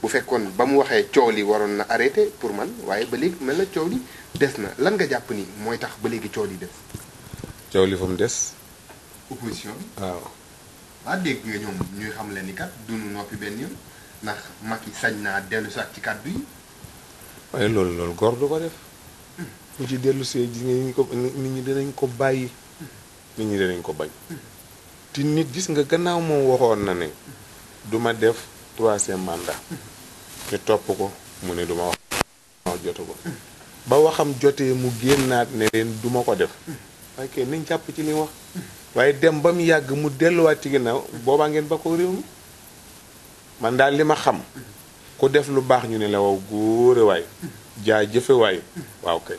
bu fekkoon ba mu waxee coow li waroon na arrêté pour man waaye ba léegi mel na coow li des na lan nga jàpp nii mooy tax ba léegi coow li des. coow li fa mu des. opposition bi waaw. xam leen ni kat duñu noppi benn yoon sañ naa dellu saat ci kàddu yi. waaye loolu loolu góor du ko def. bu hmm. ci dellu see gis nga nit ñi dinañ ko bàyyi. Hmm. nit ñi dinañ ko bañ. Hmm. te nit gis nga gannaaw moom waxoon na ne. duma ma def troisième mandat. ñu topp ko mu ne duma wax jotu ko ba waxam jotee mu génnaat ne leen duma ko def ok nañ jàpp ci li wax waaye dem ba mu yàgg mu delluwaat ci ginnaaw boobaa ngeen ba ko réew man daal li ma xam ku def lu baax ñu ne la waaw góore waay jaa jëfe waay waaw kay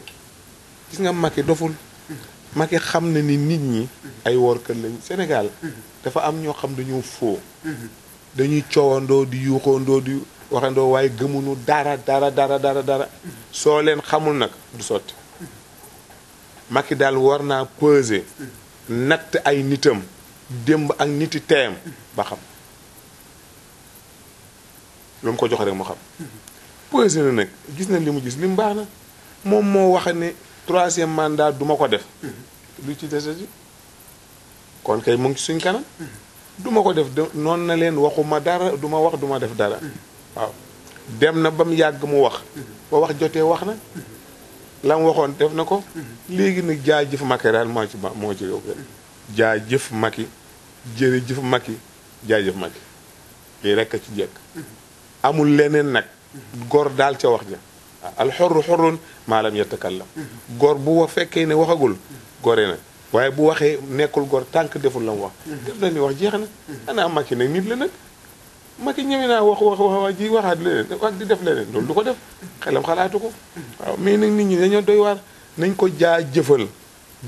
gis nga Macky doful Macky xam na ni nit ñi ay workat lañ Sénégal dafa am ñoo xam dañoo foo mm-hmm. dañuy coowandoo di yuuxoondoo di waxandoo waaye gëmuñu dara dara dara dara dara soo leen xamul nag du sotti Macky daal war naa pose natt ay nitam démb ak niti teem ba xam lu mu ko jox rek mu xam peser na nag gis na li mu gis li mu baax na moom moo wax ne troisième mandat duma ko def lu ci desati kon kay mu ngi suñ kanam duma ko def noonu na leen waxuma dara duma wax duma def dara waaw dem na ba mu yàgg mu wax ba wax jotee wax na la waxoon def na ko léegi nag jaajëf Macky daal moo ci moo ci yow jaajëf Macky jërëjëf Macky jaajëf Macky lii rek a ci jekk amul leneen nag góor daal ca wax ja alxorru xorrun maalam yatakallam góor bu wa fekkee ne waxagul gore na waaye bu waxee nekkul gor tànk deful la mu wax def na ni wax jeex na ana Macky nag nit la nag Macky ñeme naa wax wax wax ji waxaat leneen ak di def leneen loolu du ko def xelam xalaatu ko waaw mais nag nit ñi dañoo doy waar nañ ko jaajëfal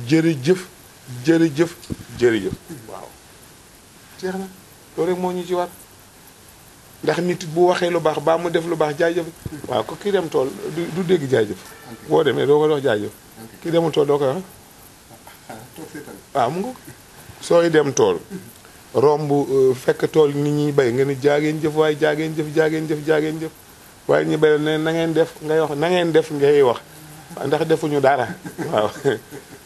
jërëjëf jërëjëf jëf waaw jeex na loolu rek moo ñu ci war ndax nit bu waxee lu baax baa mu def lu baax jaajëf waaw ko kii dem tool du dégg jaajëf boo demee doo ko dox jaajëf kii demu tool doo ko wax waaw mu nga sooy dem tool romb euh, fekk tool nit ñuy bay nga ni jaageen jëf waaye jaageen jëf jaageen jëf jaageen jëf waaye ñu bay ne na ngeen def ngay wax nangeen def ngay wax ndax defuñu dara waaw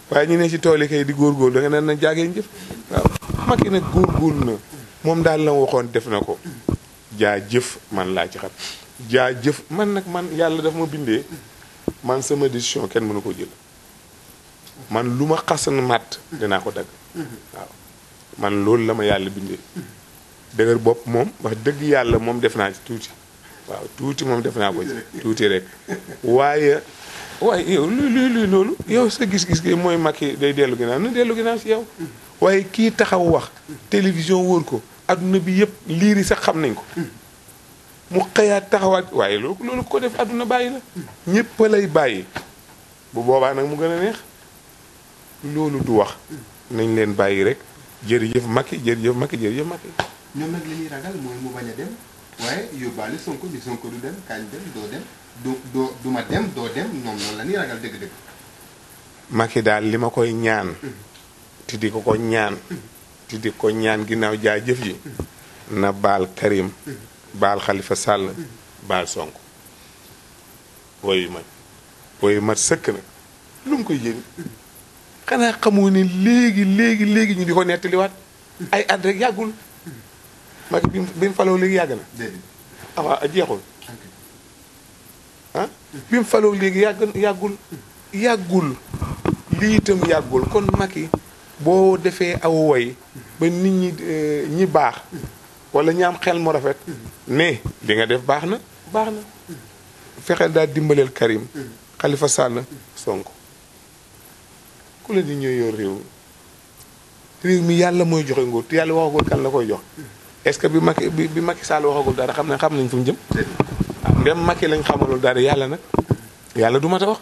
waaye ñu ne si tool yi kay di góorgóorlu da nga naan na jaageen jëf waaw Macky nag góorgóorlu na moom daal la waxoon def na ko jaa jëf man laa ci xam jëf man nag man yàlla daf ma bindee man sama décision kenn mënu ko jël man lu ma xasan matt dinaa ko dagg man loolu la ma yàlla bindee dëgër bopp moom wax dëgg yàlla moom def naa ci tuuti waaw tuuti moom def naa ko ci tuuti rek waaye waaye yow luy luy luy loolu yow sa gis-gis gi mooy Macky day dellu ginnaaw na dellu ginnaaw si yow waaye kii taxaw wax télévision wóor ko àdduna bi yëpp liir yi sax xam nañ ko mu xëyaat taxawaat waaye loolu loolu ko def àdduna bàyyi la ñëpp lay bàyyi bu boobaa nag mu gën a neex loolu du wax nañ leen bàyyi rek jërëjëf Macky jërëjëf Macky jërëjëf Macky. ñoom nag li ragal mooy mu bañ a dem waaye yóbbaale Sonko bi Sonko du dem kañ dem doo dem du doo du ma dem doo dem noonu la ragal dëgg-dëgg. Macky daal li ma koy ñaan. Mm-hmm. te di ko ñaan. te ko ñaan ginnaaw jaajëf yi. na baal Karim. Mm-hmm. baal Khalifa Sall. Mm-hmm. baal Sonko. woyu ma woyu ma sëkk na lu mu koy yéene. xanaa xamu ni léegi léegi léegi ñu di ko nettaliwaat ay at rek yàggul Macky bi mu faloo léegi yàgg na a ah, ah, jeexul ah léegi yàgg yàggul yàggul lii itam yàggul kon Macky boo defee aw woy ba nit ñi eh, ñi baax wala ñi am xel mu rafet ne li nga def baax na baax na mm. fexeel daal dimbaleel Karim mm. Khalifa Sall Sonko ku la di ñëw yor réew mi mi yàlla mooy joxe nguur te yàlla waxagul kan la koy jox est-ce que bi Macky bi bi Macky Sall waxagul dara xam ne xam nañ fu mu jëm. ndem ah, Macky lañ xamalul dara yàlla nag yàlla du mat a wax.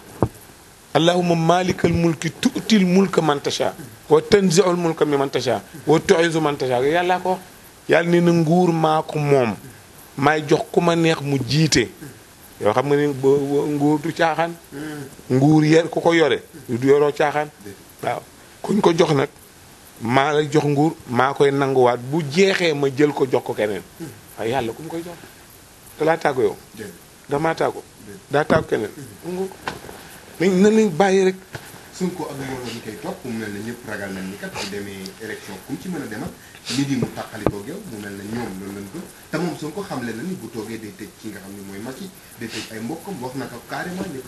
allahumma malikal mulki tu'til mulka man tasha wa tanzi'ul mulka mimman tasha wa tu'izzu man yàllaa ko wax yàlla ne na nguur maa ko moom maay jox ku ma neex mu jiite. yoo xam nga ni nguur du caaxaan. nguur yer ku ko yore. du yoroo caaxaan. waaw kuñ ko jox nag maa la jox nguur maa koy nanguwaat bu jeexee ma jël ko jox ko keneen. waaye yàlla ku koy jox da laa tàggu yow. damaa daa tàggu keneen. nañ nañ bàyyi rek Sonko ak mbooloo mi koy topp mu mel ne ñëpp ragal nañ ni kat bu demee élection kum ci mën a demal nit yi mu tàqali toog yow mu mel ne ñoom loolu lañ ko te moom Sonko xamle na ni bu toogee day tëj ki nga xam ne mooy Macky day tëj ay mbokkam wax na ko carrément dégg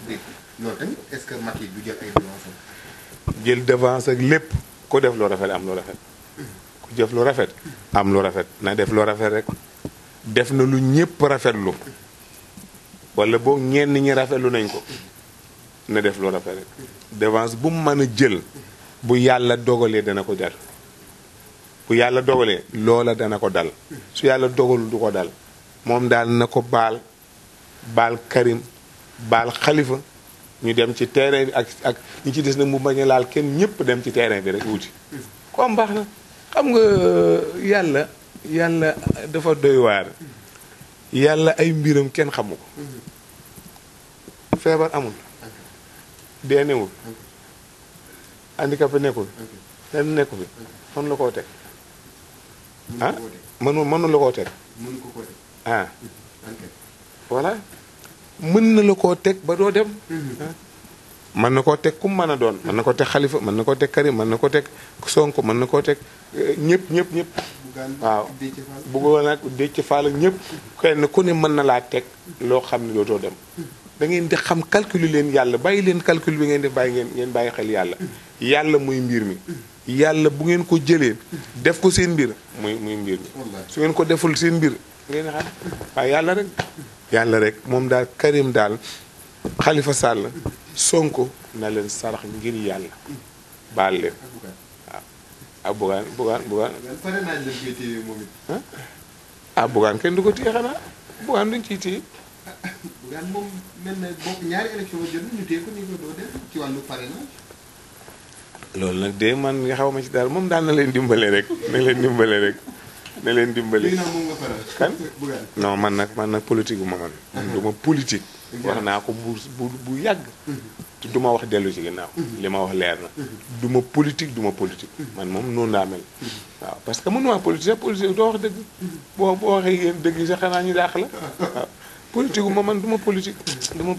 loolu tamit est-ce que Macky du jël ay devance ak lépp ku def lu rafet am lu rafet ku jëf lu rafet am lu rafet na def lu rafet rek def na lu ñëpp rafetlu wala boog ñenn ñi rafetlu nañ ko na def lu rafet rek devance bu mu mën a jël bu yàlla dogalee dana ko dal bu yàlla dogalee loola dana ko dal su yàlla dogalul du ko dal moom daal na ko baal baal Karim baal xalifa ñu dem ci terrain bi ak ak ñu ci des nag mu bañ a laal kenn ñëpp dem ci terrain bi rek wuti comme baax na xam nga yàlla yàlla dafa doy waar yàlla ay mbiram kenn xamu ko feebar amul dee newul handicapé nekkul lenn nekku fi fan la koo teg ah mën mënu la koo teg ah voilà mën na la koo teg ba doo dem mhm. ah. mën na koo teg kum mën a doon mën na koo teg xalifa mën na koo teg karim mën na koo teg sonko mën na koo teg ñépp eh, ñëpp ñëpp waaw bëggoon nag décc faal ñépp ñëpp kenn ku ne mën na laa teg loo xam ne dootoo dem mhm. da ngeen di xam calculer leen yàlla bàyyi leen calcul bi ngeen di bàyyi ngeen ngeen bàyyi xel yàlla yàlla muy mbir mi yàlla bu ngeen ko jëlee def ko seen mbir muy muy mbir mi su ngeen ko deful seen mbir ngeen xam waaye yàlla rek yàlla rek moom daal Karim daal Khalifa Sall Sonko na leen sarax ngir yàlla baal leen waaw ah bugaan bugaan bugaan ah bugaan ah, kenn du ko téye xanaa bugaan duñ ciy téye Bougane moom ci wàllu parrainage. loolu nag de man nga xaw ma ci daal moom daal na leen dimbale rek na leen dimbale rek na leen dimbale. kan non man nag man nag politique bu ma man. Ah. du ma politique. wax naa ko bu bu yàgg. te mm-hmm. du ma wax dellu ci ginnaaw. Mm-hmm. li ma wax leer na. Mm-hmm. du ma politique du ma politique. man moom noonu laa mel. waaw parce que mënuma politique politique doo wax dëgg. boo boo waxee yéen dëgg sax xanaa ñu daax la politique ma man du ma politique du ma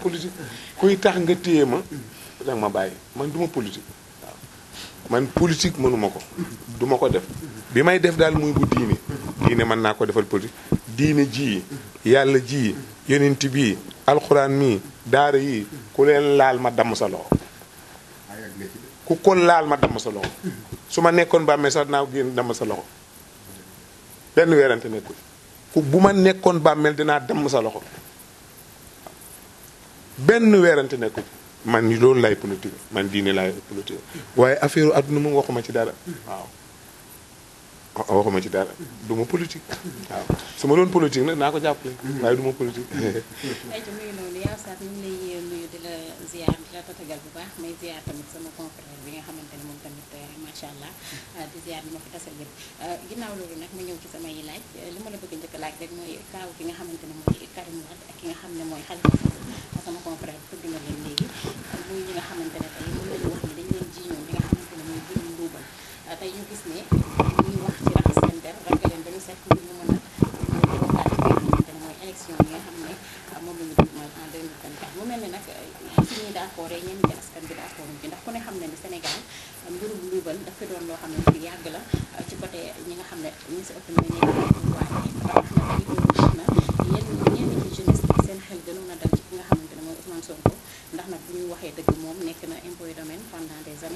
kuy tax nga téye ma ma bàyyi man du ma politique man politique mënuma ko duma ko def bi may def daal muy bu diine diine mën naa ko defal politique diine ji yàlla ji yonent bi alxuraan mi daara yi ku leen laal ma damm sa loxo ku ko laal ma damm sa loxo su ma nekkoon bàmmeel sax dinaa génn damm sa loxo benn weerante nekkul ku bu ma nekkoon bàmmeel dinaa damm sa loxo benn weerante nekku man loolu laay politique man diine laay waaye affaire adduna moom waxuma ci dara waaw waxuma ci dara du ma waaw su ma doon politique nag naa ko jàpp waaye du ma may euh, ziar tamit sama confrère bi nga xamante moom tamit euh, macha allah euh, di ziar li ma fi tasal yëpp ginnaaw loolu nag ma ñëw ci samay laaj li ma la bëgg njëkk laaj rek mooy kaaw ki nga xamante ne mooy Karim Wade ak ki nga xam ne mooy Khalifa sama confrère tudd na leen léegi muy ñi nga xamante ne tey mën nañu wax ni ah, ñu gis ne ci raxas seen der ragga leen dañu seet ngir ñu mën a xam ne ah, moom la ñu dugmal en 2024 mu mel ne nag ci ah, ñuy d'accord ñenn ci askan bi d'accord ci ndax ku ne xam ne ni Sénégal mbirum duubal dafa doon loo xam ne lu yàgg la ci côté ñi nga xam ne ñi si ëpp ñoo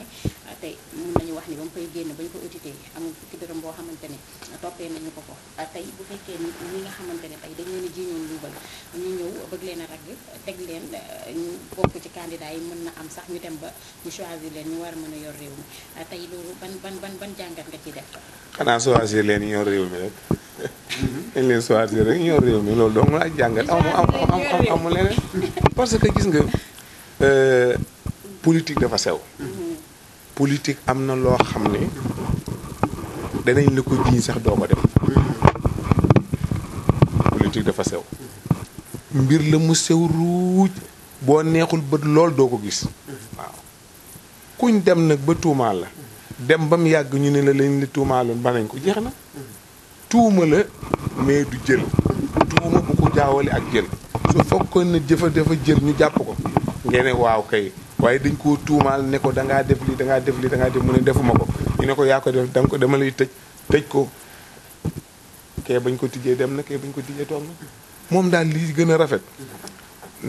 ne tey mun nañu wax ni ba mu koy génn ba ñu ko audité amul fukki dërëm boo xamante ne toppee nañu ko ko tey bu fekkee ñi nga xamante ne tey dañ leen a jiiñoon luubal ñu ñëw bëgg leen a ragg teg leen ñu bokk ci candidat yi mën na am sax ñu dem ba ñu choisir leen ñu war a yor réew mi tey loolu ban ban ban ban jàngat nga ci def xanaa choisir leen yor réew mi rek dañ leen choisir rek yor réew mi loolu dong laa jàngat amu am amu leneen parce que gis nga politique dafa sew politique am na loo xam ne danañ la ko jiñ sax doo ko def politique dafa sew mbir la mu sew ruuj boo neexul bët lool doo ko gis waaw kuñ dem nag ba tuumaal la dem ba mu yàgg ñu ne la lañ la tuumaaloon ba nañ ko jeex na tuuma la mais du jël tuuma bu ko jaawale ak jël su fekkoon ne jëfa dafa jël ñu jàpp ko ngeen waaw kay waaye dañ koo tuumaal ne ko dangaa ngaa def li da ngaa def li da ngaa def mu ne defuma ko ñu ne ko yaa ko def da ko dama lay tëj tëj ko kee bañ ko tijjee dem na kee bañ ko tijjee toog na moom daal lii gën a rafet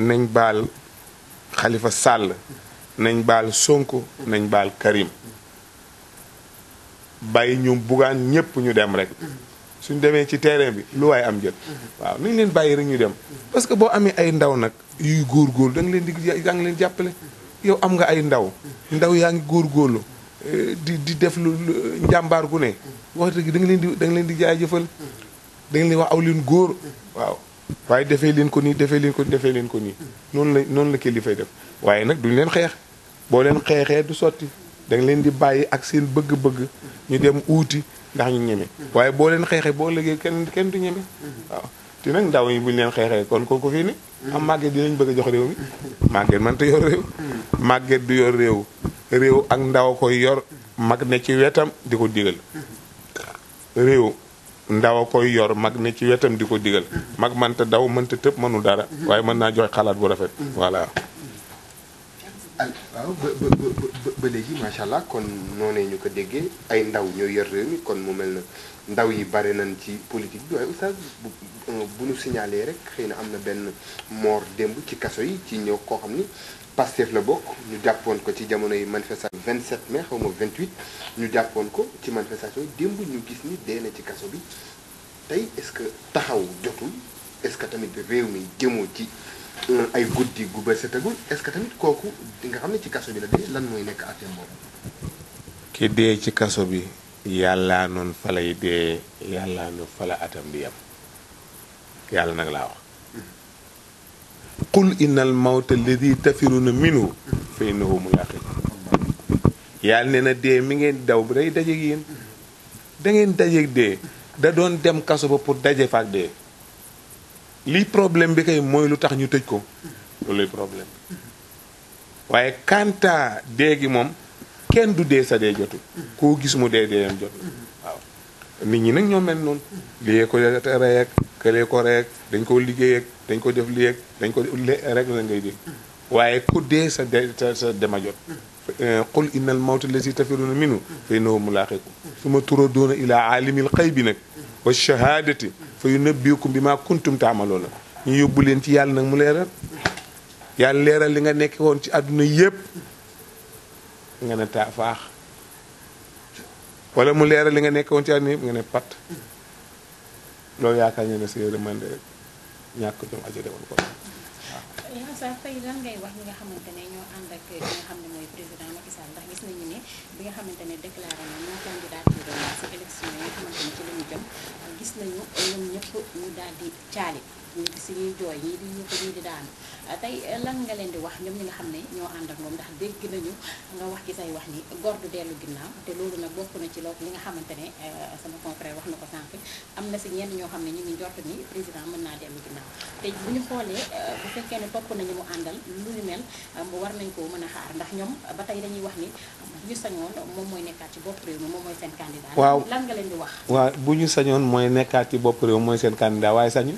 nañ baal xalifa sàll nañ baal Sonko nañ baal Karim bàyyi ñoom bugaan ñépp ñu dem rek suñ demee ci terrain bi lu waaye am jël waaw nañ leen bàyyi rek ñu dem parce que boo amee ay ndaw nag yuy góor góor nga leen di da leen jàppale yow am nga ay ndaw ndaw yaa ngi góorgóorlu eh, di di def lu njàmbaar gu ne wax dëgg da leen di da nga leen di jaajëfal da nga leen wax aw leen góor waaw waaye defee leen ko nii defee leen ko nii defee leen ko nii noonu la noonu la kilifay def waaye nag duñ leen xeex boo leen xeexee du sotti da leen di bàyyi ak seen bëgg-bëgg ñu dem uuti ndax ñu ñeme waaye boo leen xeexee boo léegi kenn kenn du ñeme waaw te nag ndaw yi buñ leen xeexee kon kooku fii ni am màgget dinañ bëgg a jox réew mi màgget man te yor réew du yor réew réew ak ndaw koy yor mag ne ci wetam di ko digal réew ndaw koy yor mag ne ci wetam di ko digal mag mënta daw mënta tëb mënu dara waaye mën naa joxe xalaat bu rafet voilà waaw ba ba ba léegi macha allah kon noonee ñu ko déggee ay ndaw ñoo yor réew mi kon mu mel na ndaw yi bari nañ ci politique bi waaye oustaz bu bu ñu signalé rek xëy na am na benn moor démb ci kaso yi ci ñëw koo xam ni Pastef la bokk ñu jàppoon ko ci jamono yi manifestation 27 mai xaw ma 28 ñu jàppoon ko ci manifestation yi démb ñu gis ni dee na ci kaso bi tey est-ce que taxaw jotul est-ce que tamit réew mi jëmoo ci euh, ay guddi gu ba setagul est-ce que tamit kooku di nga xam ne ci kaso bi la dee lan mooy nekk àtteem moom ki dee ci kaso bi. yàlla noonu falay dee yàlla nu fala atam di yam yàlla nag laa wax qul innal mawta alladi tafiruna minhu fa innahu mulaqi yàlla ne dee mi ngeen daw day dajeeg yéen da ngeen dajeeg dee da doon dem kaso ba pour daje faak dee lii problème bi kay mooy lu tax ñu tëj ko looluy problème bi waaye kanta dee gi moom kenn du dee sa dee jotu koo gis mu dee deeyam jot waaw nit ñi nag ñoo mel noonu liyee ko reek këlee ko reek dañ ko liggéey ak dañ ko def liyeeg dañ ko rek la ngay dégg waaye ku dee sa de sa dema jot qul inna al mawta allazi tafiruna minhu fa innahu mulaaqikum suma turaduna ila aalimil xaybi nag wa shahaadati fa yunabbiukum bima kuntum taamaloona ñu yóbbu leen ci yàlla nag mu leeral yàlla leeral li nga nekk woon ci àdduna yépp nga ne ta faax wala mu leeral li nga nekkoon ci àdduna nga ne pat loolu yaakaar ñu ne si man de ñàkk ko Moussa Faye lan ngay wax ñi nga xamante ne ñoo ànd ak nga xam ne mooy président Macky Sall ndax gis nañu si ñuy jooy ñii di yuuxu ñii di daanu tey lan nga leen di wax ñoom ñi nga xam ne ñoo ànd ak moom ndax dégg nañu nga wax ci say wax ni góor du ginnaaw te loolu nag bokk na ci loolu li nga xamante ne sama wax na ko am na si ñenn ñoo xam ne ñu ngi njort ni président naa dellu bu ñu xoolee bu fekkee ne topp nañu nañ koo mën a ndax ñoom ba tey dañuy wax ni ñu sañoon moom mooy nekkaat ci bopp réew moom mooy seen candidat. waaw lan nga leen di wax. waaw bu ñu sañoon mooy nekkaat ci bopp réew mooy seen candidat waaye sañu.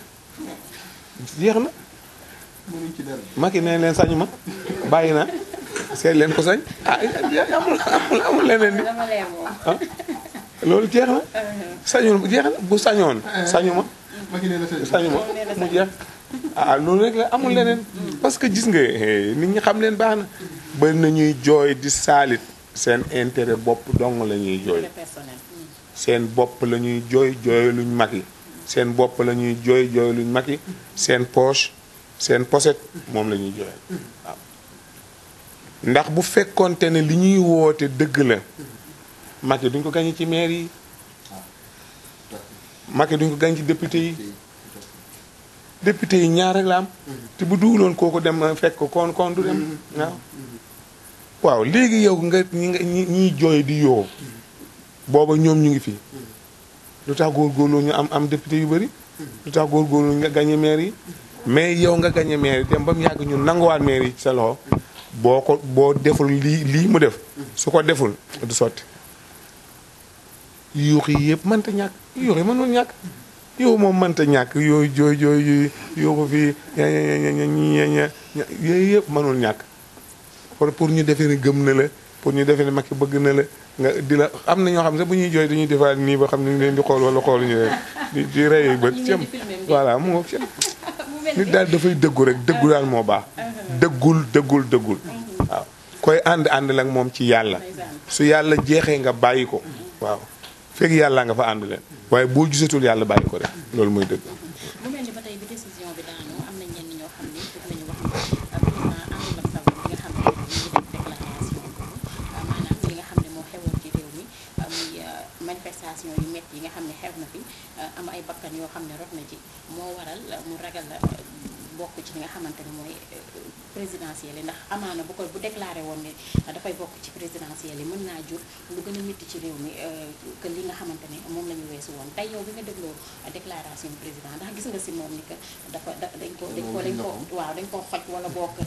jeex na. mag yi nee leen sañu ma bàyyi naa seet leen ko sañ ah amul amul amul leneen ni ah, loolu jeex na sañu jeex bu sañoon sañu ma sañu ma mu jeex ah loolu rek la amul leneen parce que gis nga eh, nit ñi xam leen baax na bari na ñuy jooy di saalit seen intérêt bopp dong la ñuy jooy seen bopp la ñuy jooy jooy luñ mag yi seen bopp lañuy jooy jooy luñ mag yi seen poche seen poset moom lañuy ñuy jooyal ndax bu fekkonte ne li ñuy woote dëgg la mag yi duñ ko gañ ci mair yi mag yi duñ ko gañ ci député yi député yi ñaar rek la am te bu duguloon kooku dem fekk kon kon du dem waaw léegi yow nga ñi ñuy jooy di yoo booba ñoom ñu ngi fii lu tax góorgóorloo ñu am am député yu bëri lu tax góorgóorloo ñu nga gagné maire yi mais yow nga gagné maire yi dem ba mu yàgg ñu nanguwaat maire yi ci sa loxo boo ko boo deful lii lii mu def su ko deful du sotti yuux yi yëpp mënta ñàkk yuux yi mënul yow moom mënta ñàkk yooyu jooy jooy yooyu fii mënul ñàkk pour pour ñu defe ne gëm na la pour ñu defee ne Macky bëgg na la nga di am na ñoo xam sax bu ñuy jooy dañuy defaat nii ba xam ne ñu leen di xool wala xool ñu leen di di rey ba cëm voilà moo ngoog cëm nit daal dafay dëggu rek dëggu daal moo baax uh-huh. dëggul dëggul dëggul uh-huh. waaw koy ànd ànd la moom ci yàlla su yàlla jeexee nga bàyyi ko uh-huh. waaw fekk yàlla nga fa ànd leen waaye boo gisatul yàlla bàyyi ko rek loolu mooy dëgg bakkan yoo xam ne rot na ci moo waral mu ragal la bokk ci li nga xamante ne mooy euh, présidentielles yi ndax amaana bu ko bu déclaré woon ne dafay bokk ci réew mi euh, que nga xamante ne moom la ñu weesu woon tey président ndax gis nga si moom ni que dafa dañ ko dañ ko dañ ko dañ ko xoj wala bokk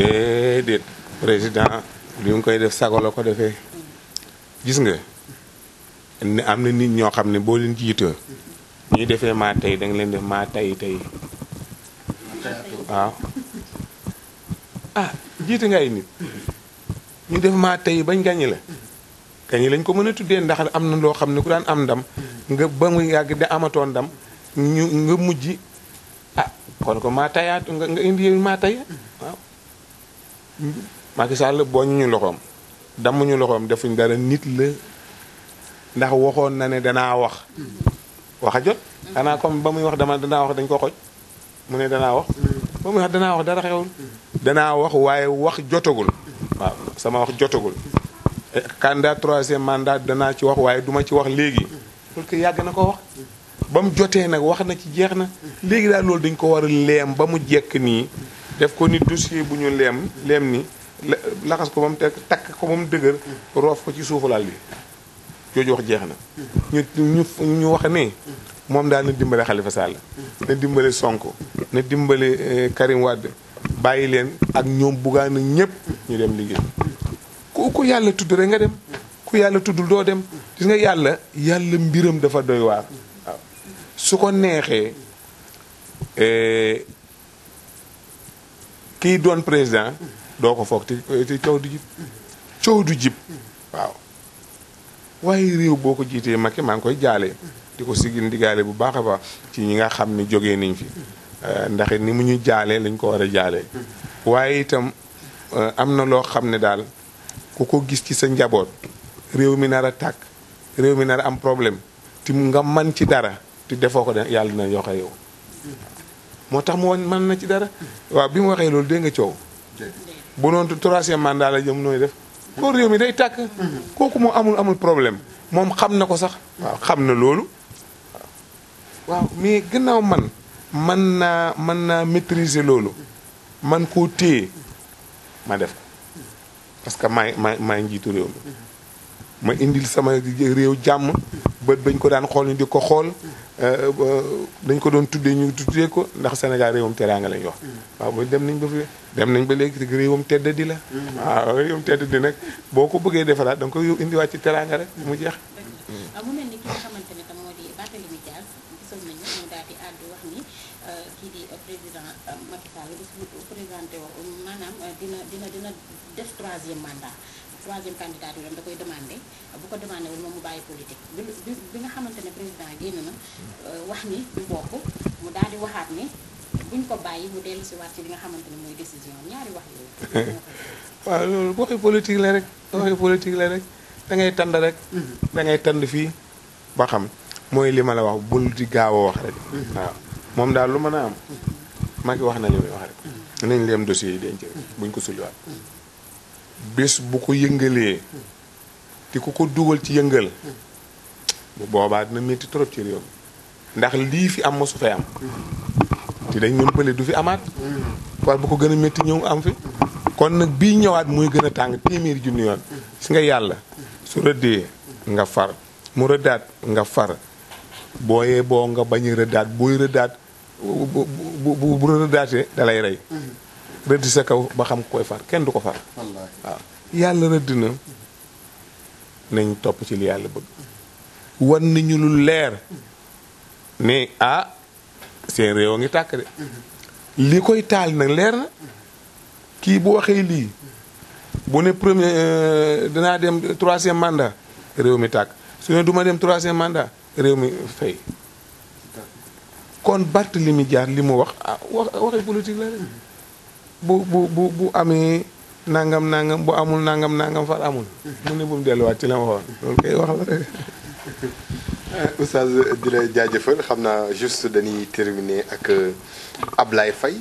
euh, dañ ko président li mu koy def sago la ko defee mm. gis nga am na nit ñoo xam ne boo leen jiitoo ñi defee maa tey da nga leen def maa tey tey waaw ah jiite nga ay nit ñu def maa tey bañ gañi la gañi lañ ko mën a tuddee ndax am na loo xam ne ku daan am ndam nga ba mu yàgg de amatoon ndam ñu nga mujj ah kon ko maa tayaat nga nga indi maa tey waaw Macky Sall boñ ñu loxoom damm ñu loxoom defuñ dara nit la ndax waxoon na ne danaa wax wax a jot xanaa comme ba muy wax dama danaa wax dañ ko xoj mu ne danaa wax ba danaa wax dara xewul danaa wax waaye wax jotagul waaw sama wax jotagul eh, candidat troisième mandat danaa ci wax waaye duma ci wax léegi parce que yàgg na ko wax ba mu jotee nag wax na ci jeex na léegi daal loolu dañ ko war a leem ba mu jekk nii def ko ni dossier bu ñu leem leem ni laxas ko ba mu tekk takk ko ba mu dëgër roof ko ci suufu lal bi jooju wax jeex na ñu ñu ñu wax ne moom daal na dimbale Khalifa Sall na dimbale Sonko na dimbale eh, Karim Wade bàyyi leen ak ñoom buggaana ñëpp ñu dem liggéey ku ku yàlla tudd nga dem ku yàlla tuddul doo dem gis nga yàlla yàlla mbiram dafa doy waar waaw su ko neexee eh, kiy doon président doo ko foog du jib coow du jib waaw waaye réew boo ko jiitee Macky maa ngi koy jaalee di ko sigil ndigaale bu baax a baax ci ñi nga xam ne jógee nañ fi euh, ndax ni mu ñu jaalee lañ ko war a jaalee waaye itam euh, am na loo xam ne daal ku ko gis ci sa njaboot réew mi nar a takk réew mi nar a am problème mu nga man ci dara te defoo ko de yàlla na yoxe yow moo tax mu man na ci dara waaw bi mu waxee loolu dégg nga coow bu noonu troisième mandat la jam nooy def kon réew mi day takk kooku moom amul amul problème moom xam na ko sax. waaw xam na loolu. waaw mais gannaaw man man naa man naa maîtriser loolu man koo téye ma def ko parce que maay maay maay njiitu réew mi. ma indil sama réew jàmm bët bañ ko daan xool ñu di ko xool euh, euh, dañ ko doon tuddee ñu tuddee ko ndax Sénégal réewam teraanga lañ wax waaw ba dem nañ ba fi dem nañ ba léegi réewam tedd di la waaw réewam tedd di nag boo ko bëggee defaraat danga nga koy indiwaat ci teraanga rek mu jeex ah, mu mel ni ki nga xamante ne tam moo di Barthélémy mu daal di troisième candidature am da koy demandé bu ko demandé wul moom mu bàyyi politique bi nga xamante président euh, wax ni du bokk mu daal di waxaat ni buñ ko bàyyi mu dellu si waat ci li nga xamante mooy décision ñaari wax loolu waxi politique la rek mm-hmm. waxi politique la rek da ngay tànd rek mm-hmm. dangay ngay tànd fii ba xam mooy li ma la wax bul di gaaw a wax rek mm-hmm. moom daal lu mën a am Macky wax na li muy wax rek nañ leem dossier yi denc rek buñ ko sulliwaat bés bu ko yëngalee te ko ko dugal ci yëngal bu boobaa dina métti trop ci réew ndax lii fi am mosu fay am te dañ ñoom bële du fi amaat war bu ko gën a métti ñëw am fi kon nag bii ñëwaat muy gën a tàng téeméeri junni yoon si nga yàlla su rëddee nga far mu rëddaat nga far booyee boo nga bañ a rëddaat booy rëddaat bu bu bu rëddaatee dalay rey rëdd sa kaw ba xam koy far kenn du ko far waaw yàlla rëdd na nañ topp ci li yàlla bëgg wan nañu lu leer ne ah seen réew a ngi tàkk de li koy taal nag leer na kii bu waxee lii bu ne premier euh, danaa dem troisième mandat réew mi tàkk su ne duma dem troisième mandat réew mi fay kon Barthélemy Dias li mu wax ah wax waxi politique la rek bu bu bu bu ami nangam nangam bu amul nangam nangam fa amul hmm. mu ne bu delu wat ci lam ma lol kay wax la oustaz dire la xamna juste dañuy terminer ak euh, ablay fay